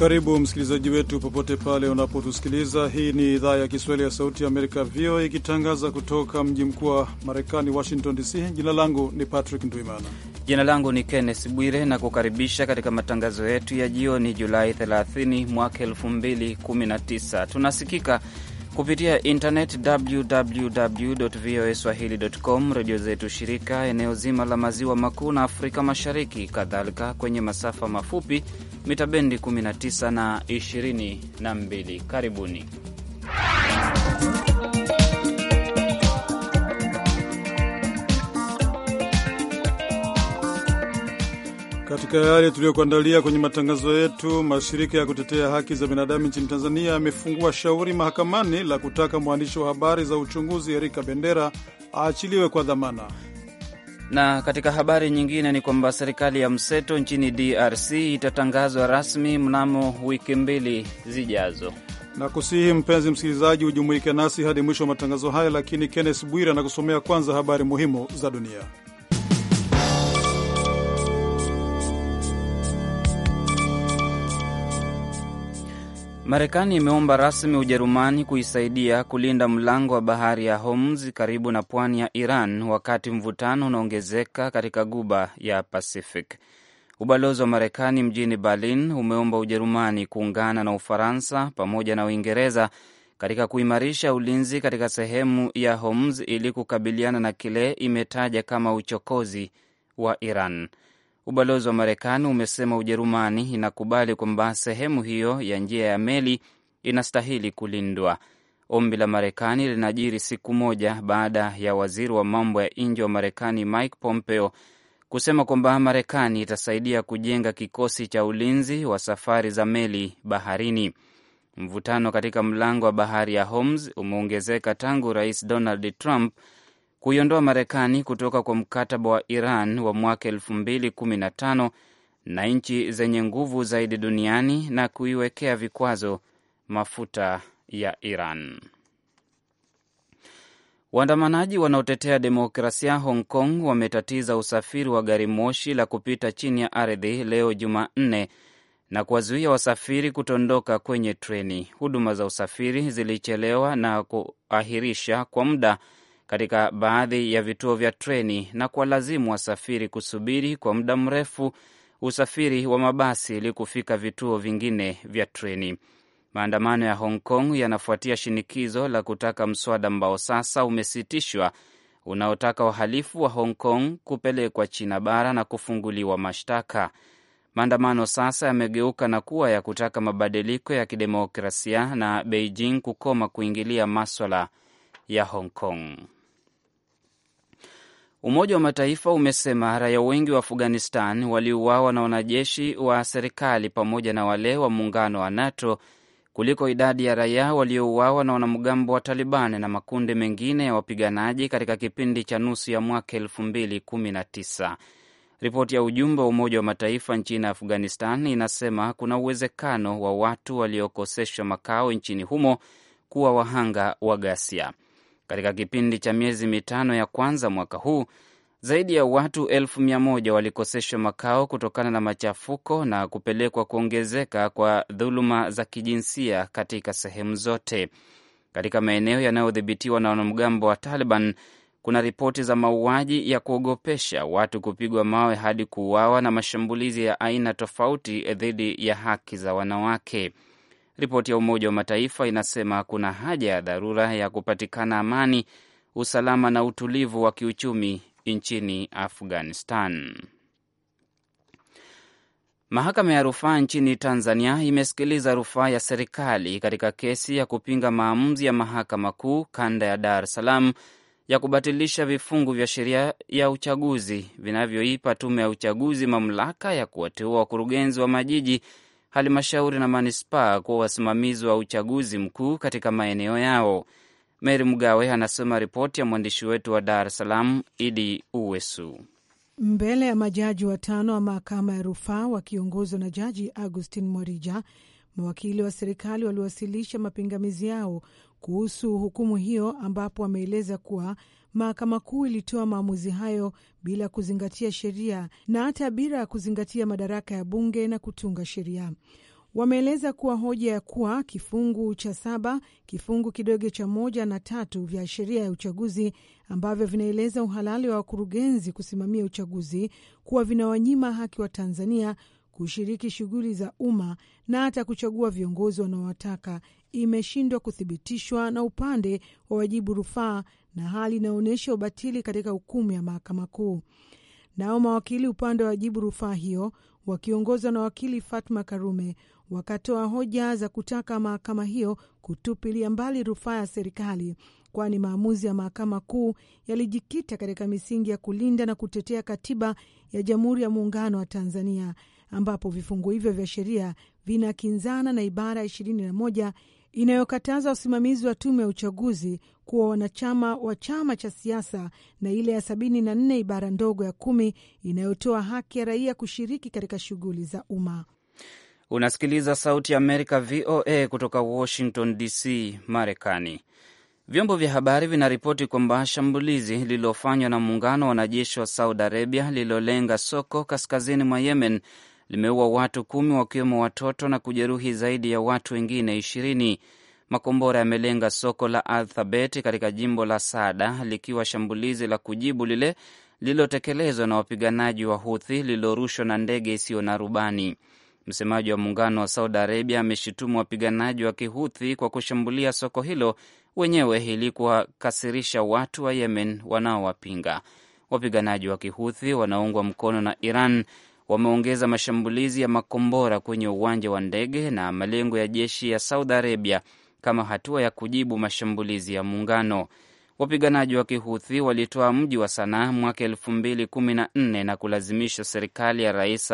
Karibu msikilizaji wetu popote pale unapotusikiliza. Hii ni idhaa ya Kiswahili ya Sauti ya Amerika, VOA, ikitangaza kutoka mji mkuu wa Marekani, Washington DC. Jina langu ni Patrick Ndwimana. Jina langu ni Kenneth Bwire na kukaribisha katika matangazo yetu ya jioni, Julai 30 mwaka 2019. Tunasikika kupitia internet www voa swahilicom, redio zetu shirika eneo zima la maziwa makuu na Afrika Mashariki, kadhalika kwenye masafa mafupi mita bendi 19 na 22. Karibuni. Katika yale tuliyokuandalia kwenye matangazo yetu, mashirika ya kutetea haki za binadamu nchini Tanzania yamefungua shauri mahakamani la kutaka mwandishi wa habari za uchunguzi Erika Bendera aachiliwe kwa dhamana. Na katika habari nyingine ni kwamba serikali ya mseto nchini DRC itatangazwa rasmi mnamo wiki mbili zijazo. Na kusihi mpenzi msikilizaji hujumuike nasi hadi mwisho wa matangazo haya, lakini Kenneth Bwire anakusomea kwanza habari muhimu za dunia. Marekani imeomba rasmi Ujerumani kuisaidia kulinda mlango wa bahari ya Hormuz karibu na pwani ya Iran wakati mvutano unaongezeka katika guba ya Pacific. Ubalozi wa Marekani mjini Berlin umeomba Ujerumani kuungana na Ufaransa pamoja na Uingereza katika kuimarisha ulinzi katika sehemu ya Hormuz ili kukabiliana na kile imetaja kama uchokozi wa Iran. Ubalozi wa Marekani umesema Ujerumani inakubali kwamba sehemu hiyo ya njia ya meli inastahili kulindwa. Ombi la Marekani linajiri siku moja baada ya waziri wa mambo ya nje wa Marekani Mike Pompeo kusema kwamba Marekani itasaidia kujenga kikosi cha ulinzi wa safari za meli baharini. Mvutano katika mlango wa bahari ya Hormuz umeongezeka tangu Rais Donald Trump kuiondoa Marekani kutoka kwa mkataba wa Iran wa mwaka elfu na na nchi zenye nguvu zaidi duniani na kuiwekea vikwazo mafuta ya Iran. Waandamanaji wanaotetea demokrasia Hong Kong wametatiza usafiri wa gari moshi la kupita chini ya ardhi leo Jumanne na kuwazuia wasafiri kutondoka kwenye treni. Huduma za usafiri zilichelewa na kuahirisha kwa muda katika baadhi ya vituo vya treni na kuwalazimu wasafiri kusubiri kwa muda mrefu usafiri wa mabasi ili kufika vituo vingine vya treni. Maandamano ya Hong Kong yanafuatia shinikizo la kutaka mswada ambao sasa umesitishwa unaotaka wahalifu wa Hong Kong kupelekwa China bara na kufunguliwa mashtaka. Maandamano sasa yamegeuka na kuwa ya kutaka mabadiliko ya kidemokrasia na Beijing kukoma kuingilia maswala ya Hong Kong. Umoja wa Mataifa umesema raia wengi wa Afghanistan waliuawa na wanajeshi wa serikali pamoja na wale wa muungano wa NATO kuliko idadi ya raia waliouawa na wanamgambo wa Taliban na makundi mengine ya wapiganaji katika kipindi cha nusu ya mwaka elfu mbili kumi na tisa. Ripoti ya ujumbe wa Umoja wa Mataifa nchini Afghanistan inasema kuna uwezekano wa watu waliokoseshwa makao nchini humo kuwa wahanga wa ghasia. Katika kipindi cha miezi mitano ya kwanza mwaka huu zaidi ya watu elfu mia moja walikoseshwa makao kutokana na machafuko na kupelekwa kuongezeka kwa dhuluma za kijinsia katika sehemu zote. Katika maeneo yanayodhibitiwa na wanamgambo wa Taliban kuna ripoti za mauaji ya kuogopesha, watu kupigwa mawe hadi kuuawa, na mashambulizi ya aina tofauti dhidi ya haki za wanawake. Ripoti ya Umoja wa Mataifa inasema kuna haja ya dharura ya kupatikana amani, usalama na utulivu wa kiuchumi nchini Afghanistan. Mahakama ya rufaa nchini Tanzania imesikiliza rufaa ya serikali katika kesi ya kupinga maamuzi ya mahakama kuu kanda ya Dar es Salaam ya kubatilisha vifungu vya sheria ya uchaguzi vinavyoipa tume ya uchaguzi mamlaka ya kuwateua wakurugenzi wa majiji halmashauri na manispaa kuwa wasimamizi wa uchaguzi mkuu katika maeneo yao. Meri Mgawe anasoma ripoti ya mwandishi wetu wa Dar es Salaam, Idi Uwesu. Mbele ya majaji watano wa mahakama ya rufaa wakiongozwa na Jaji Augustin Mwarija, mawakili wa serikali waliwasilisha mapingamizi yao kuhusu hukumu hiyo, ambapo wameeleza kuwa Mahakama Kuu ilitoa maamuzi hayo bila kuzingatia sheria na hata bila ya kuzingatia madaraka ya bunge na kutunga sheria. Wameeleza kuwa hoja ya kuwa kifungu cha saba kifungu kidogo cha moja na tatu vya sheria ya uchaguzi ambavyo vinaeleza uhalali wa wakurugenzi kusimamia uchaguzi kuwa vinawanyima haki wa Tanzania kushiriki shughuli za umma na hata kuchagua viongozi wanaowataka imeshindwa kuthibitishwa na upande wa wajibu rufaa, na hali inaonyesha ubatili katika hukumu ya mahakama kuu. Nao mawakili upande wa wajibu rufaa hiyo wakiongozwa na wakili Fatma Karume wakatoa hoja za kutaka mahakama hiyo kutupilia mbali rufaa ya serikali, kwani maamuzi ya mahakama kuu yalijikita katika misingi ya kulinda na kutetea katiba ya Jamhuri ya Muungano wa Tanzania ambapo vifungu hivyo vya sheria vinakinzana na ibara ya inayokataza usimamizi wa tume ya uchaguzi kuwa wanachama wa chama cha siasa na ile ya 74 ibara ndogo ya kumi inayotoa haki ya raia kushiriki katika shughuli za umma. Unasikiliza Sauti ya Amerika, VOA, kutoka Washington DC, Marekani. Vyombo vya habari vinaripoti kwamba shambulizi lililofanywa na muungano wa wanajeshi wa Saudi Arabia lililolenga soko kaskazini mwa Yemen limeua watu kumi wakiwemo watoto na kujeruhi zaidi ya watu wengine ishirini. Makombora yamelenga soko la Alphabet katika jimbo la Sada likiwa shambulizi la kujibu lile lililotekelezwa na wapiganaji wa Huthi lililorushwa na ndege isiyo na rubani. Msemaji wa muungano wa Saudi Arabia ameshutumu wapiganaji wa Kihuthi kwa kushambulia soko hilo wenyewe ili kuwakasirisha watu wa Yemen wanaowapinga. Wapiganaji wa Kihuthi wanaungwa mkono na Iran wameongeza mashambulizi ya makombora kwenye uwanja wa ndege na malengo ya jeshi ya Saudi Arabia kama hatua ya kujibu mashambulizi ya muungano. Wapiganaji wa Kihuthi walitoa mji wa Sanaa mwaka elfu mbili kumi na nne na kulazimisha serikali ya Rais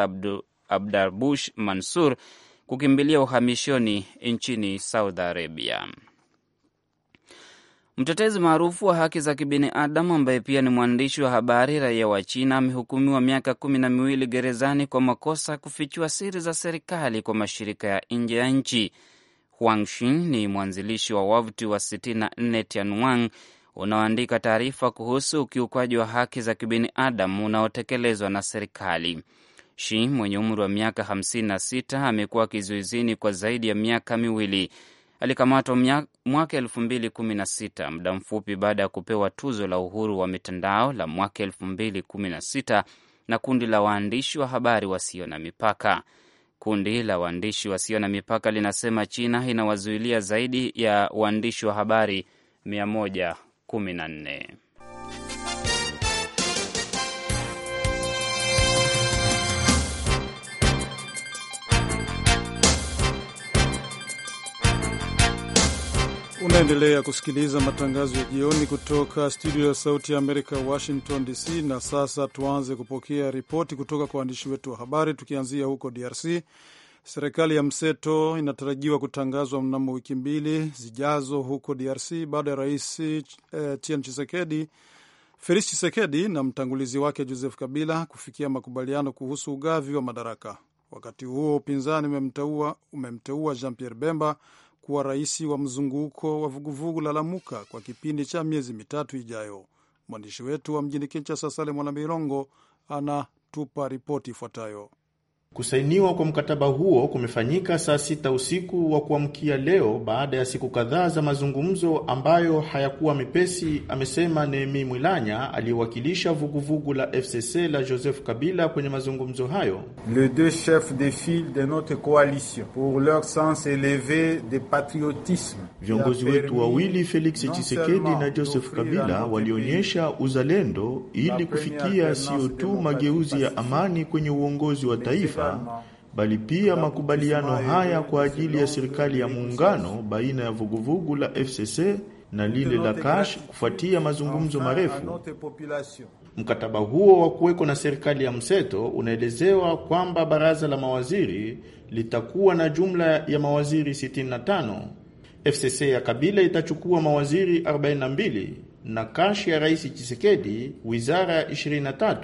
Abdarbush Mansur kukimbilia uhamishoni nchini Saudi Arabia. Mtetezi maarufu wa haki za kibinadamu ambaye pia ni mwandishi wa habari raia wa China amehukumiwa miaka kumi na miwili gerezani kwa makosa kufichua siri za serikali kwa mashirika ya nje ya nchi. Huang Shin ni mwanzilishi wa wavuti wa 64 Tianwang unaoandika taarifa kuhusu ukiukwaji wa haki za kibinadamu unaotekelezwa na serikali. Shi mwenye umri wa miaka 56 amekuwa kizuizini kwa zaidi ya miaka miwili. Alikamatwa mwaka elfu mbili kumi na sita muda mfupi baada ya kupewa tuzo la uhuru wa mitandao la mwaka elfu mbili kumi na sita na kundi la waandishi wa habari wasio na mipaka. Kundi la waandishi wasio na mipaka linasema China inawazuilia zaidi ya waandishi wa habari 114. Unaendelea kusikiliza matangazo ya jioni kutoka studio ya Sauti ya Amerika, Washington DC. Na sasa tuanze kupokea ripoti kutoka kwa waandishi wetu wa habari, tukianzia huko DRC. Serikali ya mseto inatarajiwa kutangazwa mnamo wiki mbili zijazo huko DRC baada ya rais eh, Chisekedi Felix Chisekedi na mtangulizi wake Joseph Kabila kufikia makubaliano kuhusu ugavi wa madaraka. Wakati huo upinzani umemteua Jean Pierre Bemba kuwa rais wa mzunguko wa vuguvugu la Lamuka kwa kipindi cha miezi mitatu ijayo. Mwandishi wetu wa mjini Kinshasa, Sale Mwana anatupa ripoti ifuatayo. Kusainiwa kwa mkataba huo kumefanyika saa sita usiku wa kuamkia leo baada ya siku kadhaa za mazungumzo ambayo hayakuwa mepesi, amesema Neemi Mwilanya aliyewakilisha vuguvugu la FCC la Joseph Kabila kwenye mazungumzo hayo. Le deux chefs de file de notre coalition pour leur sens eleve de patriotisme, viongozi wetu wawili Felix Tshisekedi na Joseph Kabila walionyesha uzalendo ili kufikia sio tu mageuzi ya amani kwenye uongozi wa taifa Muungano, bali pia makubaliano haya kwa ajili ya serikali ya muungano baina ya vuguvugu la FCC na lile la Kash kufuatia mazungumzo marefu. Mkataba huo wa kuweko na serikali ya mseto unaelezewa kwamba baraza la mawaziri litakuwa na jumla ya mawaziri 65. FCC ya Kabila itachukua mawaziri 42 na Kash ya Rais Chisekedi wizara 23.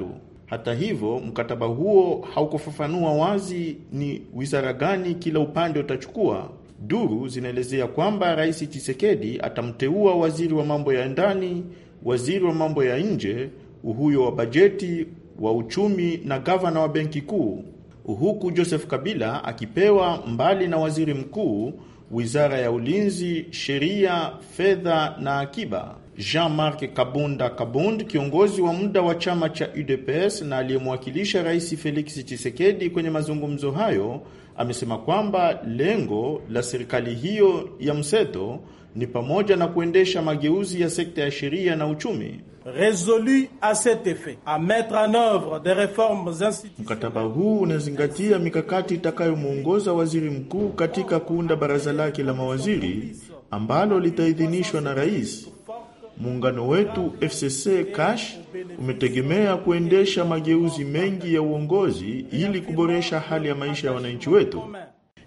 Hata hivyo, mkataba huo haukufafanua wazi ni wizara gani kila upande utachukua. Duru zinaelezea kwamba Rais Tshisekedi atamteua waziri wa mambo ya ndani, waziri wa mambo ya nje, uhuyo wa bajeti, wa uchumi na gavana wa benki kuu, huku Joseph Kabila akipewa mbali na waziri mkuu, wizara ya ulinzi, sheria, fedha na akiba. Jean-Marc Kabunda Kabund, kiongozi wa muda wa chama cha UDPS na aliyemwakilisha Rais Felix Tshisekedi kwenye mazungumzo hayo, amesema kwamba lengo la serikali hiyo ya mseto ni pamoja na kuendesha mageuzi ya sekta ya sheria na uchumi. Résolu à cet effet à mettre en œuvre des réformes institutionnelles. Mkataba huu unazingatia mikakati itakayomwongoza waziri mkuu katika kuunda baraza lake la mawaziri ambalo litaidhinishwa na rais Muungano wetu FCC Cash umetegemea kuendesha mageuzi mengi ya uongozi ili kuboresha hali ya maisha ya wananchi wetu.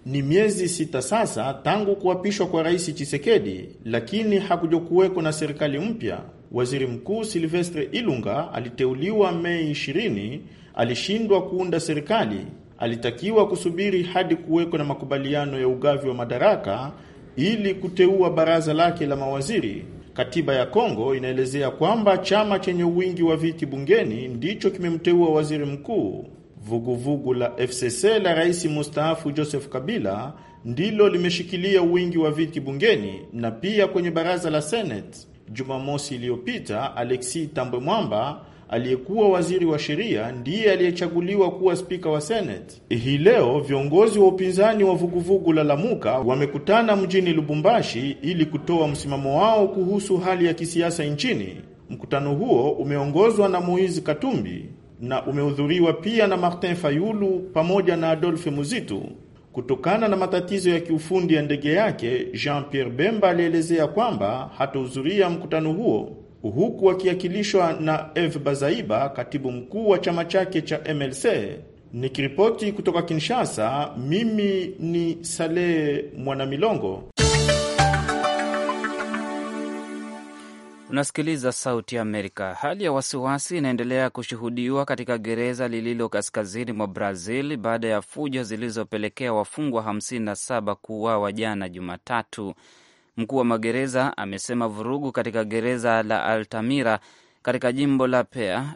Ni miezi sita sasa tangu kuapishwa kwa Rais Chisekedi, lakini hakuja kuweko na serikali mpya. Waziri Mkuu Silvestre Ilunga aliteuliwa Mei 20, alishindwa kuunda serikali. Alitakiwa kusubiri hadi kuweko na makubaliano ya ugavi wa madaraka ili kuteua baraza lake la mawaziri. Katiba ya Kongo inaelezea kwamba chama chenye wingi wa viti bungeni ndicho kimemteua waziri mkuu. Vuguvugu la FCC la rais mustaafu Joseph Kabila ndilo limeshikilia wingi wa viti bungeni na pia kwenye baraza la Senate. Jumamosi iliyopita Alexis Tambwe Mwamba aliyekuwa waziri wa sheria ndiye aliyechaguliwa kuwa spika wa Senate. Hii leo viongozi wa upinzani wa vuguvugu la Lamuka wamekutana mjini Lubumbashi ili kutoa msimamo wao kuhusu hali ya kisiasa nchini. Mkutano huo umeongozwa na Moise Katumbi na umehudhuriwa pia na Martin Fayulu pamoja na Adolphe Muzitu. Kutokana na matatizo ya kiufundi ya ndege yake, Jean-Pierre Bemba alielezea kwamba hatahudhuria mkutano huo huku akiakilishwa na Eve Bazaiba, katibu mkuu wa chama chake cha MLC. Nikiripoti kutoka Kinshasa, mimi ni Saleh Mwanamilongo. Unasikiliza Sauti ya Amerika. Hali ya wasiwasi inaendelea kushuhudiwa katika gereza lililo kaskazini mwa Brazil baada ya fujo zilizopelekea wafungwa 57 kuuawa jana Jumatatu. Mkuu wa magereza amesema vurugu katika gereza la Altamira katika jimbo la Pea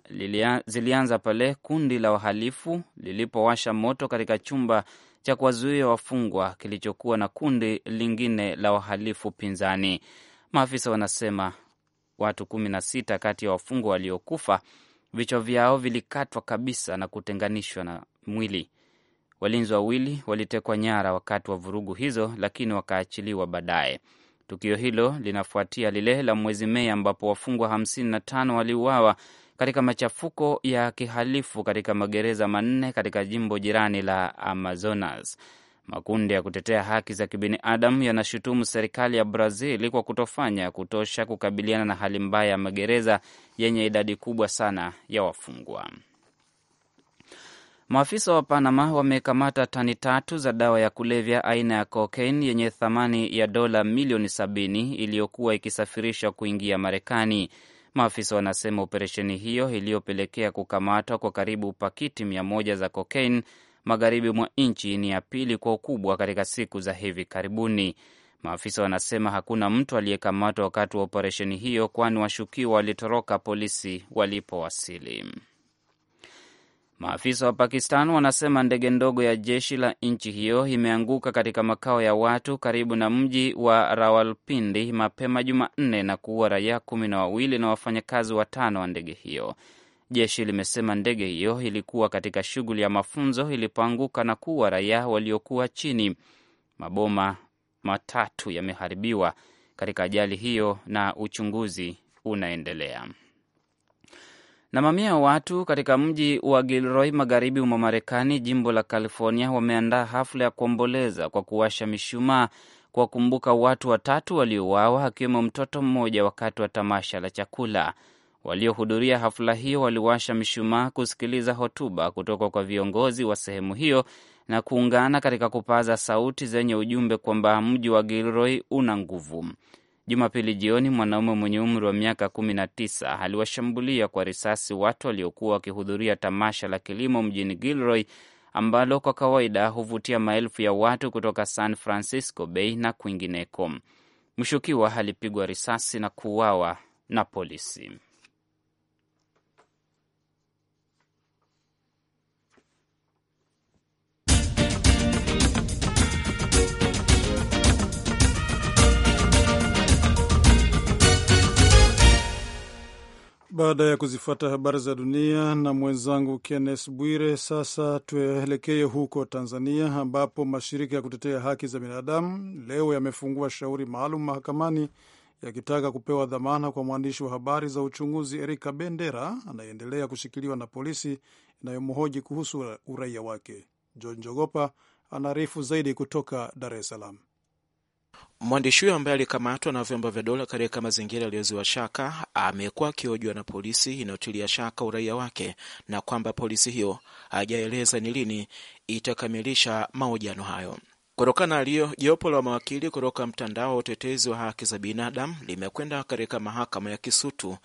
zilianza pale kundi la wahalifu lilipowasha moto katika chumba cha kuwazuia wafungwa kilichokuwa na kundi lingine la wahalifu pinzani. Maafisa wanasema watu kumi na sita kati ya wafungwa waliokufa vichwa vyao vilikatwa kabisa na kutenganishwa na mwili. Walinzi wawili walitekwa nyara wakati wa vurugu hizo, lakini wakaachiliwa baadaye. Tukio hilo linafuatia lile la mwezi Mei ambapo wafungwa 55 waliuawa katika machafuko ya kihalifu katika magereza manne katika jimbo jirani la Amazonas. Makundi ya kutetea haki za kibinadamu yanashutumu serikali ya Brazil kwa kutofanya kutosha kukabiliana na hali mbaya ya magereza yenye idadi kubwa sana ya wafungwa. Maafisa wa Panama wamekamata tani tatu za dawa ya kulevya aina ya kokaini yenye thamani ya dola milioni sabini iliyokuwa ikisafirishwa kuingia Marekani. Maafisa wanasema operesheni hiyo iliyopelekea kukamatwa kwa karibu pakiti mia moja za kokaini magharibi mwa nchi ni ya pili kwa ukubwa katika siku za hivi karibuni. Maafisa wanasema hakuna mtu aliyekamatwa wakati wa operesheni hiyo, kwani washukiwa walitoroka polisi walipowasili. Maafisa wa Pakistan wanasema ndege ndogo ya jeshi la nchi hiyo imeanguka katika makao ya watu karibu na mji wa Rawalpindi mapema Jumanne na kuua raia kumi na wawili na wafanyakazi watano wa ndege hiyo. Jeshi limesema ndege hiyo ilikuwa katika shughuli ya mafunzo ilipoanguka na kuua raia waliokuwa chini. Maboma matatu yameharibiwa katika ajali hiyo na uchunguzi unaendelea. Na mamia ya watu katika mji wa Gilroy magharibi mwa Marekani, jimbo la California, wameandaa hafla ya kuomboleza kwa kuwasha mishumaa kuwakumbuka watu watatu waliouawa, akiwemo mtoto mmoja wakati wa tamasha la chakula. Waliohudhuria hafla hiyo waliwasha mishumaa kusikiliza hotuba kutoka kwa viongozi wa sehemu hiyo na kuungana katika kupaza sauti zenye ujumbe kwamba mji wa Gilroy una nguvu. Jumapili jioni mwanaume mwenye umri wa miaka kumi na tisa aliwashambulia kwa risasi watu waliokuwa wakihudhuria tamasha la kilimo mjini Gilroy ambalo kwa kawaida huvutia maelfu ya watu kutoka San Francisco Bay na kwingineko. Mshukiwa alipigwa risasi na kuuawa na polisi. Baada ya kuzifuata habari za dunia na mwenzangu Kennes Bwire, sasa tuelekee huko Tanzania, ambapo mashirika ya kutetea haki za binadamu leo yamefungua shauri maalum mahakamani yakitaka kupewa dhamana kwa mwandishi wa habari za uchunguzi Erika Bendera anayeendelea kushikiliwa na polisi inayomhoji kuhusu uraia wake. John Jogopa anaarifu zaidi kutoka Dar es Salaam. Mwandishi huyo ambaye alikamatwa na vyombo vya dola katika mazingira yaliyoziwa shaka amekuwa akihojiwa na polisi inayotilia shaka uraia wake na kwamba polisi hiyo hajaeleza ni lini itakamilisha mahojiano hayo. Kutokana na aliyo, jopo la mawakili kutoka mtandao wa utetezi wa haki za binadamu limekwenda katika mahakama ya Kisutu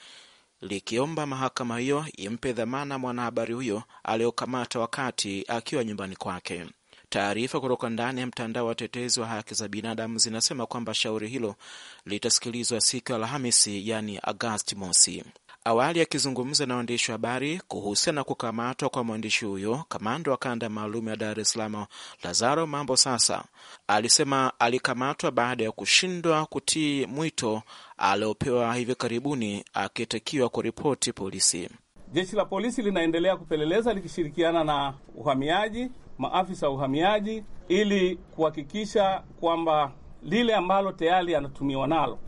likiomba mahakama hiyo impe dhamana mwanahabari huyo aliyokamata wakati akiwa nyumbani kwake. Taarifa kutoka ndani ya mtandao wa watetezi wa haki za binadamu zinasema kwamba shauri hilo litasikilizwa siku ya Alhamisi, yani Agasti mosi. Awali akizungumza na waandishi wa habari kuhusiana na kukamatwa kwa mwandishi huyo, kamanda wa kanda maalum ya Dar es Salaam Lazaro Mambo Sasa alisema alikamatwa baada ya kushindwa kutii mwito aliopewa hivi karibuni, akitakiwa kuripoti polisi. Jeshi la polisi linaendelea kupeleleza likishirikiana na uhamiaji maafisa wa uhamiaji ili kuhakikisha kwamba lile ambalo tayari anatumiwa nalo.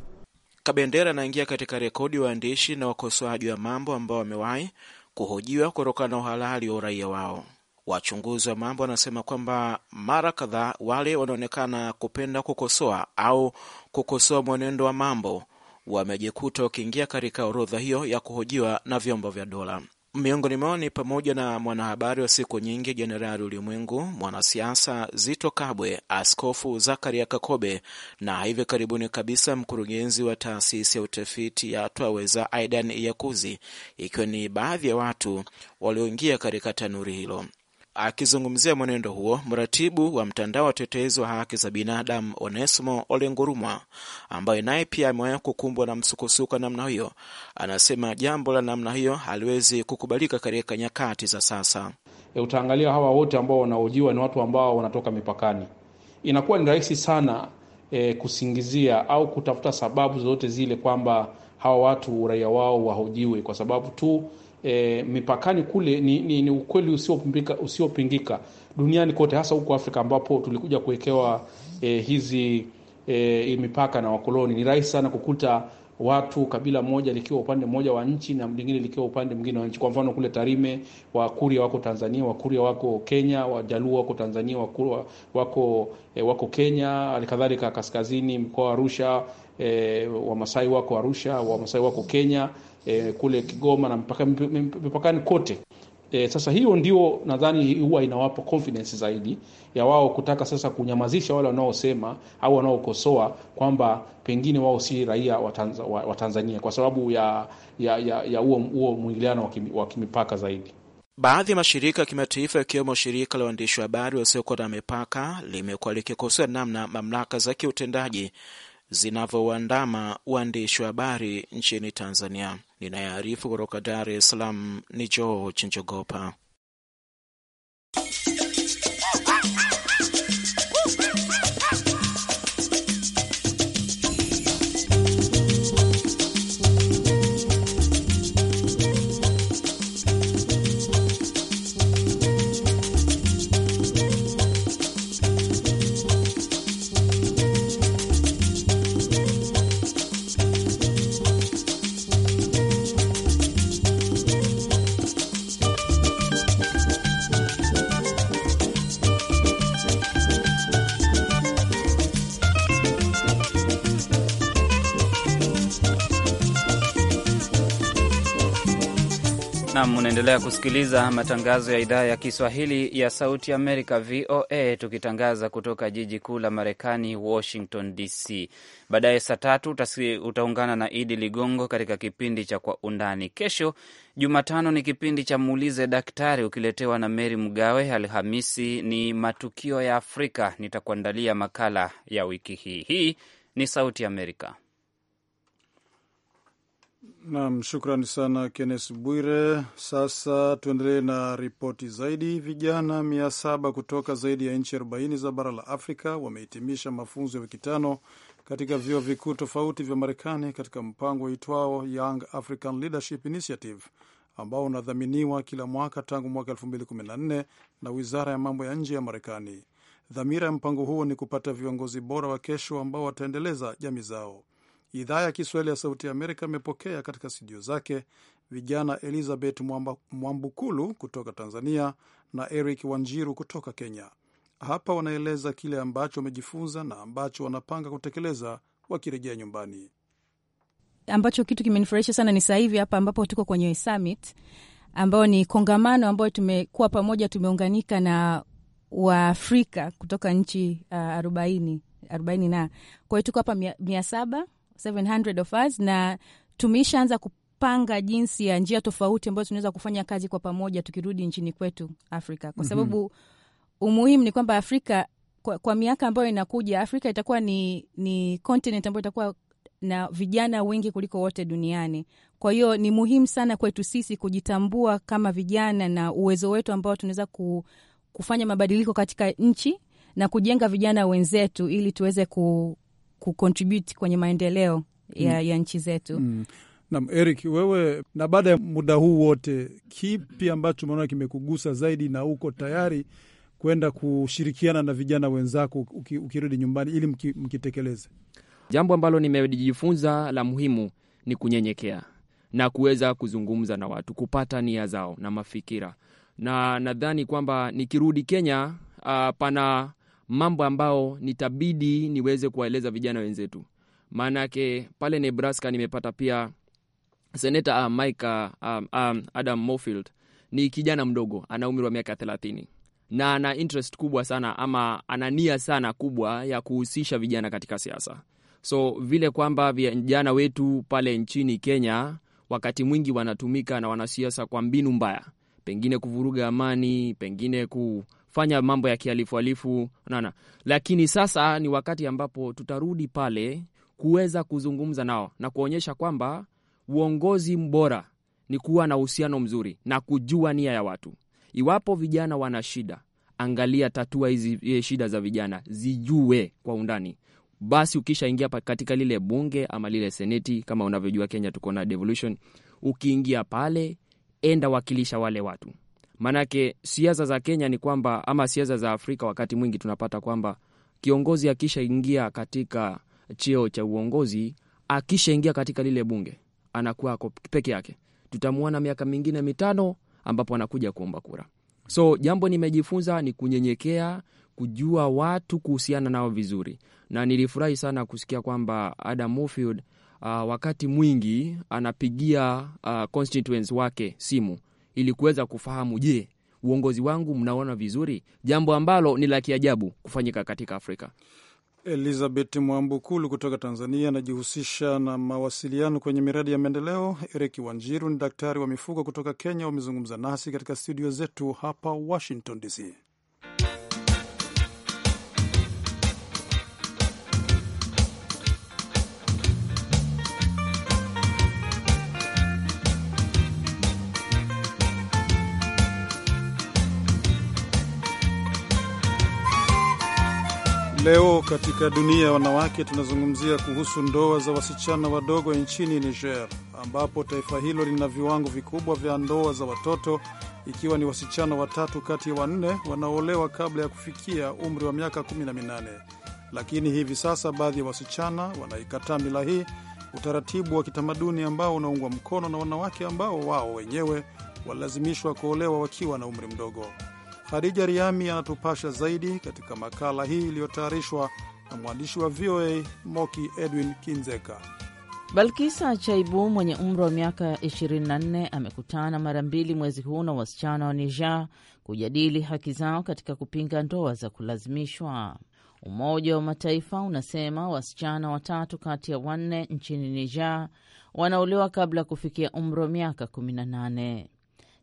Kabendera anaingia katika rekodi waandishi na wakosoaji wa mambo ambao wamewahi kuhojiwa kutokana na uhalali wa uraia wao. Wachunguzi wa mambo wanasema kwamba mara kadhaa wale wanaonekana kupenda kukosoa au kukosoa mwenendo wa mambo wamejikuta wakiingia katika orodha hiyo ya kuhojiwa na vyombo vya dola. Miongoni mwao ni pamoja na mwanahabari wa siku nyingi Jenerali Ulimwengu, mwanasiasa Zito Kabwe, Askofu Zakaria Kakobe na hivi karibuni kabisa mkurugenzi wa taasisi ya utafiti ya Twaweza Aidan yakuzi ikiwa ni baadhi ya watu walioingia katika tanuri hilo. Akizungumzia mwenendo huo, mratibu wa mtandao wa tetezi wa haki za binadamu Onesmo Ole Ngurumwa, ambaye naye pia amewahi kukumbwa na msukosuko namna hiyo, anasema jambo la namna hiyo haliwezi kukubalika katika nyakati za sasa. E, utaangalia hawa wote ambao wanaojiwa ni watu ambao wanatoka mipakani. Inakuwa ni rahisi sana e, kusingizia au kutafuta sababu zozote zile kwamba hawa watu uraia wao wahojiwe, kwa sababu tu e, mipakani kule ni, ni, ni ukweli usiopingika usio duniani kote, hasa huko Afrika ambapo tulikuja kuwekewa e, hizi e, mipaka na wakoloni. Ni rahisi sana kukuta watu kabila moja likiwa upande mmoja wa nchi na lingine likiwa upande mwingine wa nchi. Kwa mfano kule Tarime, Wakuria wako Tanzania, Wakuria wako Kenya, Wajaluo wako Tanzania, Wakuria wako, wako Kenya. Halikadhalika kaskazini mkoa wa Arusha e, Wamasai wako Arusha, Wamasai wako Kenya, e, kule Kigoma na mipakani kote. E, sasa hiyo ndio nadhani huwa inawapa confidence zaidi ya wao kutaka sasa kunyamazisha wale wanaosema au wanaokosoa kwamba pengine wao si raia wa, wa, wa Tanzania kwa sababu ya ya ya, ya huo mwingiliano wa, kimipaka zaidi. Baadhi ya mashirika ya kimataifa yakiwemo shirika la waandishi wa habari wasiokuwa na mipaka limekuwa likikosoa namna mamlaka za kiutendaji zinavyowaandama waandishi wa habari nchini Tanzania. Ninayearifu kutoka Dar es Salaam ni George Njogopa. Nam, unaendelea kusikiliza matangazo ya idhaa ya Kiswahili ya Sauti Amerika, VOA, tukitangaza kutoka jiji kuu la Marekani, Washington DC. Baadaye saa tatu utaungana na Idi Ligongo katika kipindi cha Kwa Undani. Kesho Jumatano ni kipindi cha Muulize Daktari, ukiletewa na Meri Mgawe. Alhamisi ni Matukio ya Afrika, nitakuandalia makala ya wiki hii. Hii ni Sauti Amerika. Nam, shukrani sana Kennes Bwire. Sasa tuendelee na ripoti zaidi. Vijana mia saba kutoka zaidi ya nchi 40 za bara la Afrika wamehitimisha mafunzo ya wiki tano katika vyuo vikuu tofauti vya Marekani katika mpango uitwao Young African Leadership Initiative ambao unadhaminiwa kila mwaka tangu mwaka 2014 na wizara ya mambo ya nje ya Marekani. Dhamira ya mpango huo ni kupata viongozi bora wa kesho ambao wataendeleza jamii zao. Idhaa ya Kiswahili ya Sauti ya Amerika imepokea katika studio zake vijana Elizabeth Mwambukulu kutoka Tanzania na Eric Wanjiru kutoka Kenya. Hapa wanaeleza kile ambacho wamejifunza na ambacho wanapanga kutekeleza wakirejea nyumbani. Ambacho kitu kimenifurahisha sana ni sahivi hapa ambapo tuko kwenye summit ambayo ni kongamano ambayo tumekuwa pamoja, tumeunganika na Waafrika kutoka nchi uh, arobaini arobaini na kwa hiyo tuko hapa mia, mia saba 700 of us na tumeshaanza panga jinsi ya njia tofauti ambazo tunaweza kufanya kazi kwa pamoja tukirudi nchini kwetu Afrika, kwa mhm. sababu umuhimu ni kwamba Afrika kwa, kwa miaka ambayo inakuja Afrika itakuwa ni, ni continent ambayo itakuwa na vijana wengi kuliko wote duniani. Kwa hiyo ni muhimu sana kwetu sisi kujitambua kama vijana na uwezo wetu ambao tunaweza ku, kufanya mabadiliko katika nchi na kujenga vijana wenzetu ili tuweze ku, kucontribute kwenye maendeleo ya, mm. ya nchi zetu mm. Nam Eric, wewe na baada ya muda huu wote, kipi ambacho umeona kimekugusa zaidi na uko tayari kwenda kushirikiana na vijana wenzako uki, ukirudi nyumbani ili mki, mkitekeleze? Jambo ambalo nimejifunza la muhimu ni kunyenyekea na kuweza kuzungumza na watu, kupata nia zao na mafikira, na nadhani kwamba nikirudi Kenya, uh, pana mambo ambao nitabidi niweze kuwaeleza vijana wenzetu. yake pale Nebraska nimepata pia seneta Mike uh, um, um, Adam Mofield ni kijana mdogo, ana umri wa miaka thelathini na ana interest kubwa sana ama ana nia sana kubwa ya kuhusisha vijana katika siasa. So vile kwamba vijana wetu pale nchini Kenya wakati mwingi wanatumika na wanasiasa kwa mbinu mbaya, pengine kuvuruga amani, pengine ku fanya mambo ya kihalifuhalifu nana, lakini sasa ni wakati ambapo tutarudi pale kuweza kuzungumza nao na kuonyesha kwamba uongozi mbora ni kuwa na uhusiano mzuri na kujua nia ya watu. Iwapo vijana wana shida, angalia, tatua hizi e, shida za vijana, zijue kwa undani. Basi ukishaingia katika lile bunge ama lile seneti, kama unavyojua Kenya tuko na devolution, ukiingia pale, enda wakilisha wale watu. Maanake siasa za Kenya ni kwamba, ama siasa za Afrika wakati mwingi tunapata kwamba kiongozi akishaingia katika cheo cha uongozi, akishaingia katika lile bunge, anakuwa ako peke yake. Tutamwona miaka mingine mitano ambapo anakuja kuomba kura. So jambo nimejifunza ni kunyenyekea, kujua watu, kuhusiana nao vizuri, na nilifurahi sana kusikia kwamba Adam Mofield uh, wakati mwingi anapigia uh, constituents wake simu ili kuweza kufahamu, je, uongozi wangu mnaona vizuri? Jambo ambalo ni la kiajabu kufanyika katika Afrika. Elizabeth Mwambukulu kutoka Tanzania anajihusisha na mawasiliano kwenye miradi ya maendeleo. Eric Wanjiru ni daktari wa mifugo kutoka Kenya, wamezungumza nasi katika studio zetu hapa Washington DC. Leo katika dunia ya wanawake tunazungumzia kuhusu ndoa za wasichana wadogo nchini Niger, ambapo taifa hilo lina viwango vikubwa vya ndoa za watoto, ikiwa ni wasichana watatu kati ya wanne wanaoolewa kabla ya kufikia umri wa miaka 18. Lakini hivi sasa baadhi ya wasichana wanaikataa mila hii, utaratibu wa kitamaduni ambao unaungwa mkono na wanawake ambao wao wenyewe walilazimishwa kuolewa wakiwa na umri mdogo hadija Riami anatupasha zaidi katika makala hii iliyotayarishwa na mwandishi wa VOA Moki Edwin Kinzeka. Balkisa Chaibu mwenye umri wa miaka 24 amekutana mara mbili mwezi huu na wasichana wa Niger kujadili haki zao katika kupinga ndoa za kulazimishwa. Umoja wa Mataifa unasema wasichana watatu kati ya wanne nchini Niger wanaolewa kabla ya kufikia umri wa miaka 18.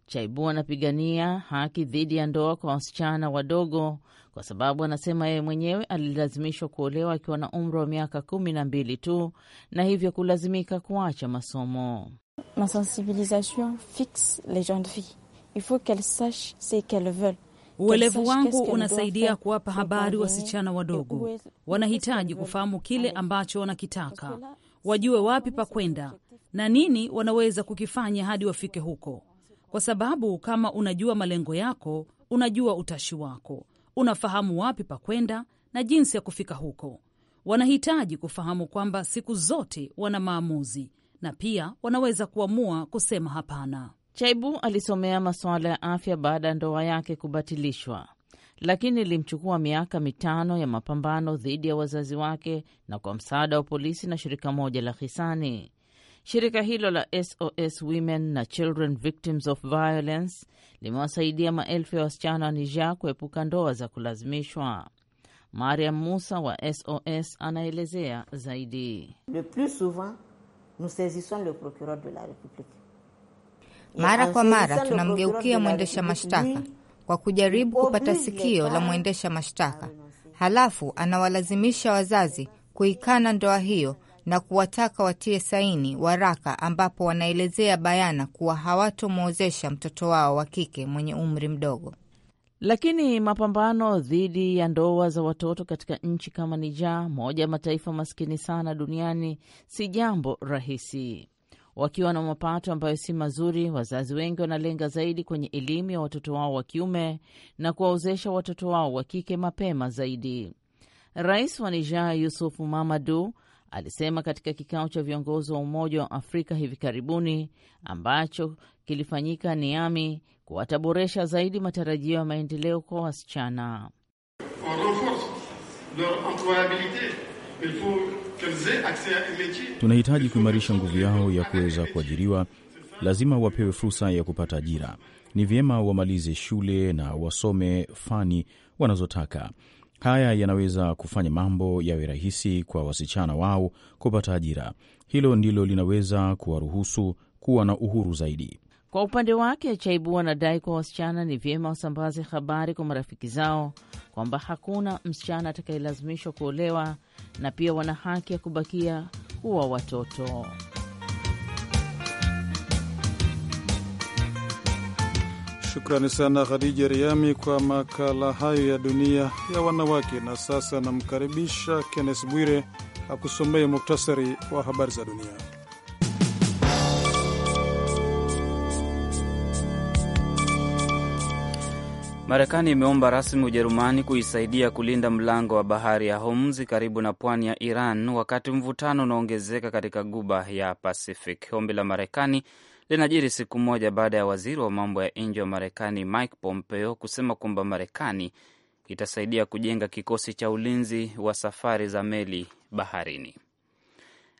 Chaibu anapigania haki dhidi ya ndoa kwa wasichana wadogo kwa sababu anasema yeye mwenyewe alilazimishwa kuolewa akiwa na umri wa miaka kumi na mbili tu na hivyo kulazimika kuacha masomo. Ma sensibilisation fixe les jeunes filles il faut qu'elles sachent ce qu'elles veulent Uelevu wangu unasaidia kuwapa habari wasichana wadogo. Wanahitaji kufahamu kile ambacho wanakitaka, wajue wapi pa kwenda na nini wanaweza kukifanya hadi wafike huko kwa sababu kama unajua malengo yako, unajua utashi wako, unafahamu wapi pa kwenda na jinsi ya kufika huko. Wanahitaji kufahamu kwamba siku zote wana maamuzi na pia wanaweza kuamua kusema hapana. Chaibu alisomea masuala ya afya baada ya ndoa yake kubatilishwa, lakini ilimchukua miaka mitano ya mapambano dhidi ya wazazi wake na kwa msaada wa polisi na shirika moja la hisani. Shirika hilo la SOS Women na Children Victims of Violence limewasaidia maelfu ya wasichana wa Niger kuepuka ndoa za kulazimishwa. Mariam Musa wa SOS anaelezea zaidi. Le plus souvent, nous saisissons le procureur de la Republique. Mara kwa mara tunamgeukia mwendesha mashtaka kwa kujaribu kupata sikio la mwendesha mashtaka, halafu anawalazimisha wazazi kuikana ndoa hiyo na kuwataka watie saini waraka ambapo wanaelezea bayana kuwa hawatomwozesha mtoto wao wa kike mwenye umri mdogo. Lakini mapambano dhidi ya ndoa za watoto katika nchi kama nijaa moja ya mataifa maskini sana duniani, si jambo rahisi. Wakiwa na mapato ambayo si mazuri, wazazi wengi wanalenga zaidi kwenye elimu ya watoto wao wa kiume na kuwaozesha watoto wao wa kike mapema zaidi. Rais wa nijaa Yusufu Mamadu alisema katika kikao cha viongozi wa Umoja wa Afrika hivi karibuni ambacho kilifanyika Niami kuwataboresha zaidi matarajio ya maendeleo kwa wasichana. Tunahitaji kuimarisha nguvu yao ya kuweza kuajiriwa, lazima wapewe fursa ya kupata ajira. Ni vyema wamalize shule na wasome fani wanazotaka. Haya yanaweza kufanya mambo yawe rahisi kwa wasichana wao kupata ajira. Hilo ndilo linaweza kuwaruhusu kuwa na uhuru zaidi. Kwa upande wake, Chaibu anadai kuwa wasichana ni vyema wasambaze habari kwa marafiki zao kwamba hakuna msichana atakayelazimishwa kuolewa na pia wana haki ya kubakia kuwa watoto. Shukrani sana Khadija Riami kwa makala hayo ya dunia ya wanawake. Na sasa namkaribisha Kennes Bwire akusomee muktasari wa habari za dunia. Marekani imeomba rasmi Ujerumani kuisaidia kulinda mlango wa bahari ya Hormuz karibu na pwani ya Iran wakati mvutano unaongezeka katika guba ya Pacific. Ombi la Marekani linajiri siku moja baada ya waziri wa mambo ya nje wa Marekani Mike Pompeo kusema kwamba Marekani itasaidia kujenga kikosi cha ulinzi wa safari za meli baharini.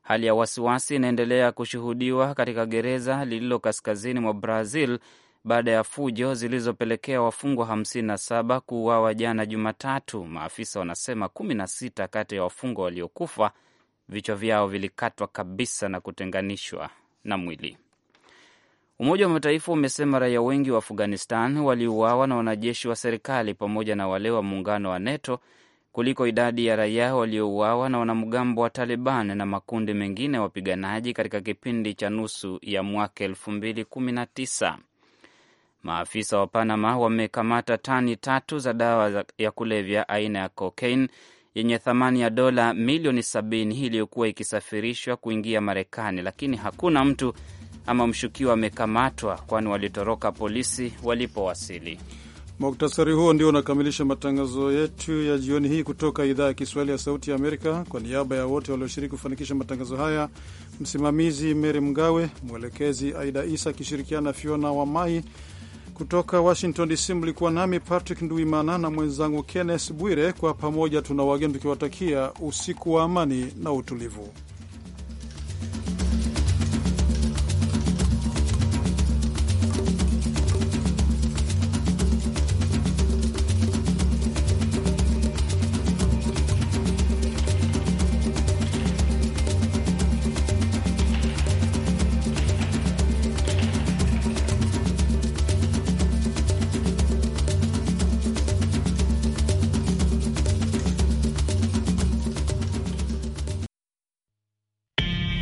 Hali ya wasiwasi inaendelea kushuhudiwa katika gereza lililo kaskazini mwa Brazil baada ya fujo zilizopelekea wafungwa 57 kuuawa jana Jumatatu. Maafisa wanasema 16 kati ya wafungwa waliokufa vichwa vyao vilikatwa kabisa na kutenganishwa na mwili. Umoja wa Mataifa umesema raia wengi wa Afghanistan waliuawa na wanajeshi wa serikali pamoja na wale wa muungano wa NATO kuliko idadi ya raia waliouawa na wanamgambo wa Taliban na makundi mengine ya wapiganaji katika kipindi cha nusu ya mwaka 2019. Maafisa wa Panama wamekamata tani tatu za dawa ya kulevya aina ya cocaine yenye thamani ya dola milioni 70 iliyokuwa ikisafirishwa kuingia Marekani, lakini hakuna mtu ama mshukiwa amekamatwa, kwani walitoroka polisi walipowasili. Muktasari huo ndio unakamilisha matangazo yetu ya jioni hii kutoka idhaa ya Kiswahili ya Sauti ya Amerika. Kwa niaba ya wote walioshiriki kufanikisha matangazo haya, msimamizi Mery Mgawe, mwelekezi Aida Isa akishirikiana na Fiona Wamai kutoka Washington DC. Mlikuwa nami Patrick Nduimana na mwenzangu Kenneth Bwire, kwa pamoja tuna wageni tukiwatakia usiku wa amani na utulivu.